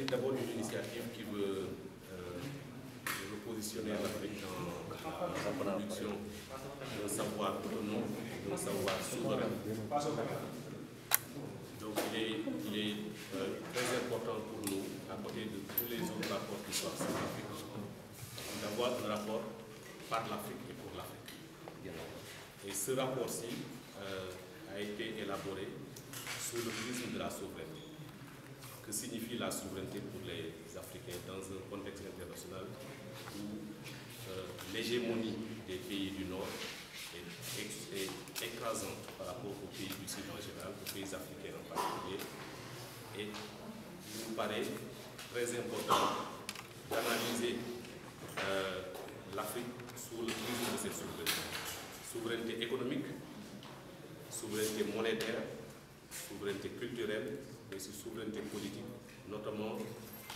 c'est d'abord une initiative qui veut repositionner euh, l'Afrique dans production d'un savoir autonome, d'un savoir souverain. Donc il est, euh, très important pour nous, à de tous les autres rapports qui sont sur l'Afrique, d'avoir rapport par l'Afrique et pour l'Afrique. Et ce rapport-ci euh, a été élaboré sous le prisme de la souveraineté. que signifie la souveraineté pour les Africains dans un contexte international où euh, l'hégémonie des pays du Nord est, écrasante par rapport aux pays du Sud en général, aux africains en particulier. Et il nous paraît très important d'analyser euh, l'Afrique sous le prisme de cette souveraineté. Souveraineté économique, souveraineté monétaire, souveraineté culturelle, mais sur souveraineté politique, notamment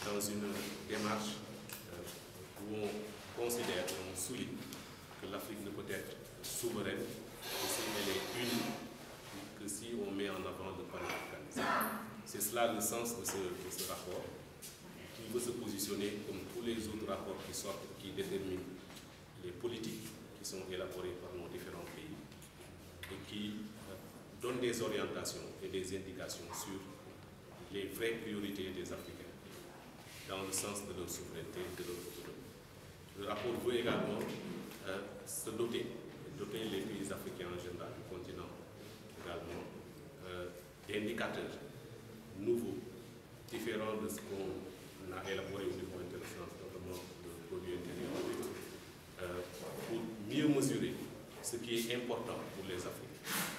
dans une démarche euh, où on considère, on souligne que l'Afrique ne peut être souveraine que est unie, que si on met en avant le panafricanisme. C'est cela le sens de ce, de ce rapport, qui veut se positionner comme tous les autres rapports qui sortent, qui déterminent les politiques qui sont élaborées par nos différents pays et qui euh, donnent des orientations et des indications sur les vraies priorités des Africains dans le sens de leur souveraineté de leur autonomie. Le rapport veut également euh, les pays africains en général du continent également, euh, d'indicateurs nouveaux, différents de ce qu'on a élaboré au niveau international, le produit intérieur euh, pour mieux mesurer ce qui est important pour les Africains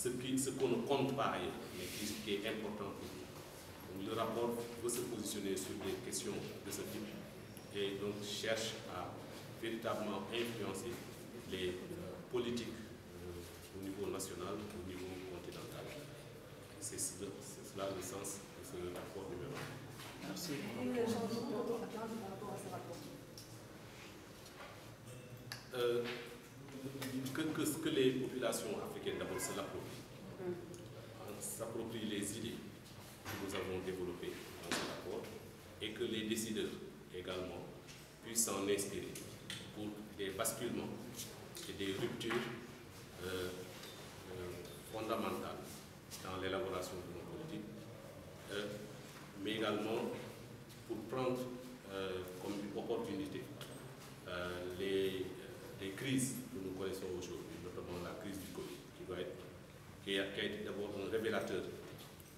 ce qui ce qu'on ne compte pas ailleurs, mais qui, important pour nous. Donc, le rapport veut positionner sur des questions de ce type et donc cherche à véritablement influencer les euh, politiques euh, au niveau national, au niveau continental. C'est cela le sens de ce rapport numéro 1. que, que ce que les populations africaines d'abord se l'approprient. S'approprient les idées que nous avons développées dans ce rapport et que les décideurs également puissent s'en inspirer pour des basculements et des ruptures euh, euh, fondamentales dans l'élaboration de nos politiques, euh, mais également pour prendre qui a été d'abord un révélateur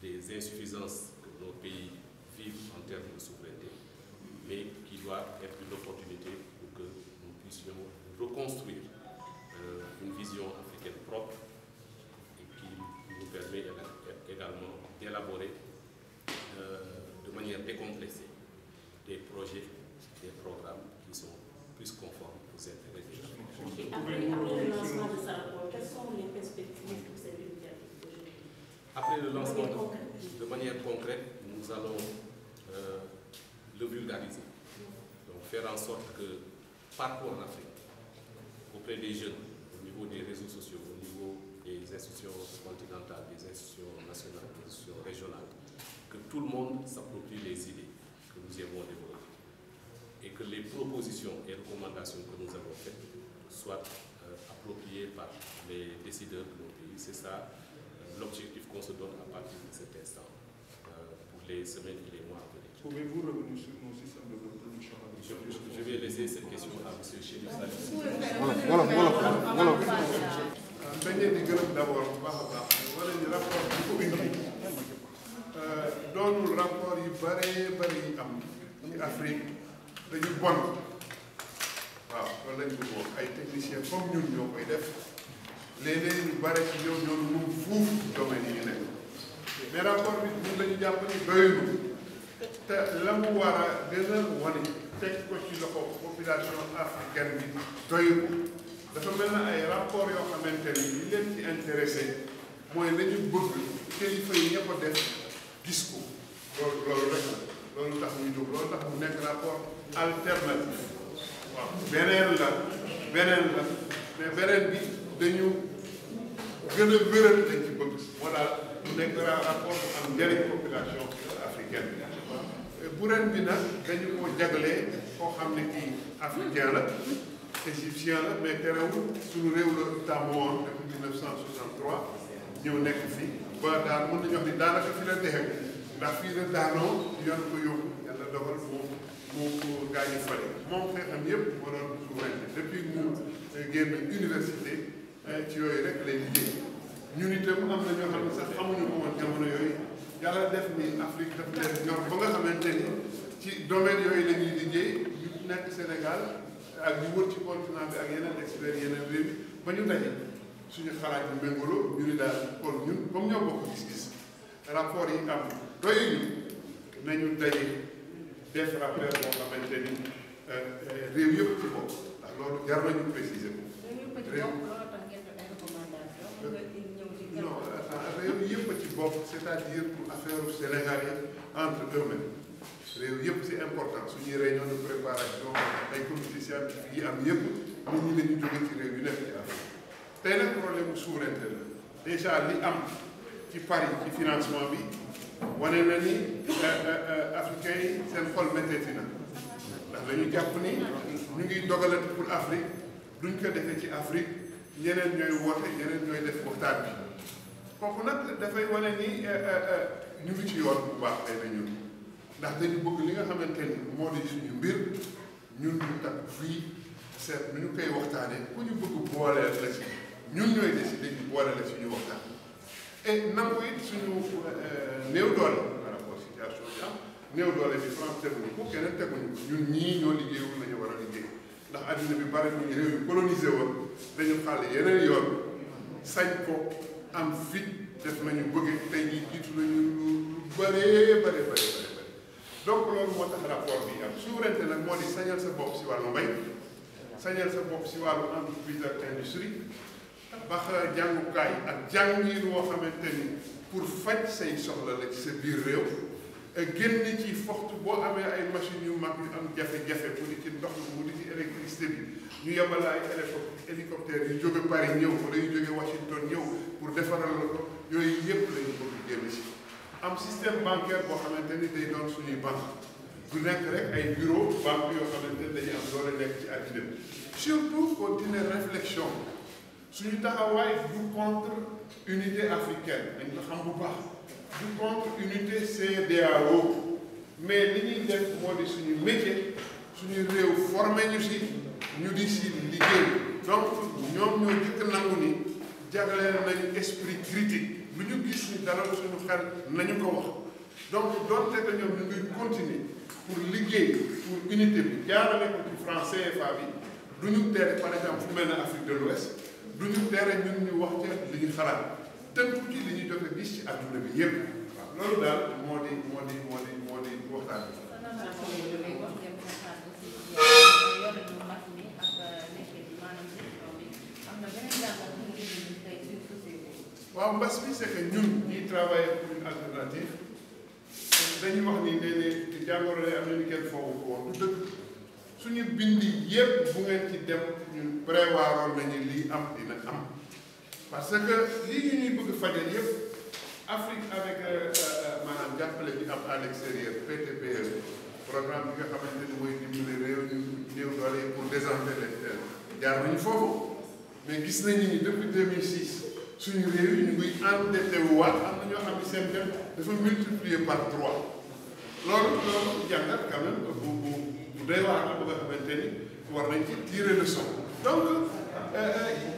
des insuffisances que nos pays vivent en termes de souveraineté, mais qui doit être une opportunité pour que nous puissions reconstruire euh, une vision africaine propre et qui nous permet également d'élaborer euh, de manière décomplexée des projets, des programmes qui sont plus conformes aux intérêts des perspectives Après le lancement de, de manière concrète, nous allons euh, le vulgariser. Donc faire en sorte que partout en Afrique, auprès des jeunes, au niveau des réseaux sociaux, au niveau des institutions continentales, des institutions nationales, des institutions régionales, que tout le monde s'approprie les idées que nous avons développées et que les propositions et recommandations que nous avons faites soient euh, appropriées par les décideurs de nos pays. ça l'objectif qu'on se donne de cet instant euh, pour les semaines et les mois à venir. Pouvez-vous sur nos systèmes de reproduction je, je vais laisser cette question à monsieur Chérif Salim. wolof wolof wolof. dañ leen di gërëm a baax rapport bi ko indi euh, doonul Afrique dañu bon waaw loolu lañ ko ay techniciens comme ñun ñoo koy def. léeg-léeg ñu bare ci ñoom ñoo moom fuuf domaine yi ñu nekk mais rapport bi ñun la ñu jàpp ni doyul te la mu war a gën a wane teg ko ci loxo population africaine bi doyul dafa mel na ay rapport yoo xamante ni li leen ci intéressé mooy lañu bëgg kilifa yi ñëpp a def gis loolu loolu tax ñu jóg loolu tax mu nekk rapport alternatif waaw beneen la beneen la mais beneen bi dañu gën a wéral lañ ci bëgg moo mu nekk rapport am njëriñ population africaine bu bi nag dañu ko jaglee koo xam ne kii africain la égyptien la mais terewul suñu réew la tàmmoon depuis 1963 ñëw nekk fi ba daal mën nañu wax daanaka fi la dexe ndax fii la daanoo yoon ko yóbbu yàlla dogal moom moo gaañu fale moom xeexam yëpp waroon souveraineté depuis mu génn université waaye ci yooyu rek lañu liggéey ñun itam am na ñoo xam ne sax xamuñu ko woon jamono yooyu yàlla def ni Afrique daf leen ñor ba nga xamante ni ci domaine yooyu la ñuy liggéey ñu nekk Sénégal ak ñu ci continent bi ak yeneen experts yeneen réew ba ñu daje suñu xalaat yu méngóoloo ñu ni daal kon ñun comme ñoo bokk gis-gis rapport yi am doyul nañu daje def rapport boo xamante ni euh, réew yëpp ci bopp ndax loolu jar nañu préciser gis bopp c'est-à-dire pour affaire sénégalais entre eux-mêmes réew yëpp c'est important suñuy réunion de préparation ay comité yi am yëpp nit ñi dañu jóge ci réew yu nekk ci Afrique tey nag problème bu la déjà li am ci Paris ci financement bi wane na ni euh, euh, euh, africains yi seen xol métteeti ndax dañu jàpp ni ñu ngi dogalati pour Afrique duñ ko defee ci Afrique ñeneen ñooy woote ñeneen ñooy def waxtaan bi foofu nag dafay wane ni eh, eh, eh, ñu ngi ci yoon bu baax day na ñun ndax dañu bëgg li nga xamante ni moo di suñu mbir ñun ñu takk fii seet nu ñu koy waxtaanee ku ñu bëgg booleel la si ñun ñu boole la suñu waxtaan et nangu it suñu néew doole par rapport situation bi am néew doole bi France teguñu ko teguñu ko ñun ñii ñoo liggéeyul nañu war a liggéey ndax àddina bi bari ñu réew yu colonisé woon dañu xàll yeneen yoon sañ ko am fit def nañu bëgg tey jii jiitu nañu lu bëree bëree bëri bëri donc loolu moo tax rapport bi am souveraineté nag moo di sañal sa bopp si wàllu mbay sañal sa bopp si wàllu entreprise ak industrie bax jàngukaay ak jàngiin woo xamante ni pour faj say soxla la ci sa biir réew génn ci foxtu boo amee ay machines yu mag yu am jafe-jafe mu di ci ndox mu di ci électricité bi ñu yebal ay hélicoptère docteur yu jóge Paris ñëw wala yu jóge Washington ñëw pour defaral la ko yooyu yëpp la ñu bëgg génn si am système bancaire boo xamante ni day suñuy banque du nekk rek ay bureau banque yoo xamante ni dañuy am doole nekk ci àddina bi surtout continuer réflexion suñu taxawaay du contre unité africaine dañ ko xam bu baax du contre unité CEDEAO mais li ñuy def moo di suñu métier suñu réew formé ñu si ñu di si liggéey donc ñoom ñoo jëkk nangu ni jagleel nañu esprit critique lu ñu gis ni dara suñu xel nañu ko wax donc donte que ñoom ñu ngi continuer pour liggéey pour unité bi jaarale ko ci franc CFA bi du ñu tere par exemple fu mel ne Afrique de l'Ouest du ñu tere ñun ñu wax ci li ñu xalaat tënku ci li ñu jote gis ci adduna bi yépp waaw loolu daal moo di moo di moo di moo di waxtaan bi waaw mbas bi c'est que ñun ñuy travailler pour une alternative dañuy wax ni léeg-léeg jàngoro lay am nañu kenn foofu ko suñu bind yépp bu ngeen ci dem ñun prévoiroon nañu lii am dina am parce que lii ñu ñuy bëgg fajal yépp Afrique avec euh, euh, euh, maanaam jàppale bi am à l'extérieur PTPE programme bi nga xamante ni mooy dimbali réew ñu néew doole yi pour désendetter leen jaar foofu mais gis nañu ni depuis 2006 suñu réew yi ñu ngi endetté wu waat am na ñoo xam ne seen dafa multiplier par loolu loolu jàngat quand même bu bu bu doy waar la nga xamante ni war nañ ci tirer leçon donc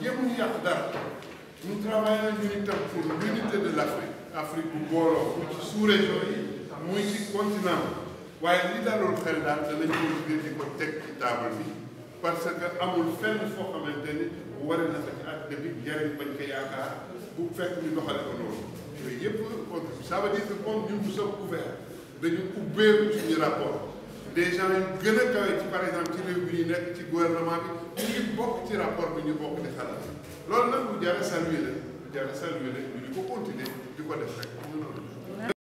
jéemuñu euh, euh, yàq dara ñu travaillé ñu ni tam pour l'unité de l'Afrique Afrique bu booloo ci sous-région yi muy ci continent waaye li daaloon xel daal danañ ko di ko teg ci bi parce que amul fenn foo xamante ni waree na fa ci àddina bi njëriñ bañ ko yaakaar bu fekk ñu doxale ko loolu yooyu yëpp kon ça ñun nous sommes ouverts dañu ubbeeku suñu rapport des gens gën a kawe ci par exemple ci réew bi ñu nekk ci gouvernement bi ñu bokk ci rapport bi ñu bokk di xalaat loolu nag lu jar saluer la lu jar saluer la ñu ko continuer di ko def rek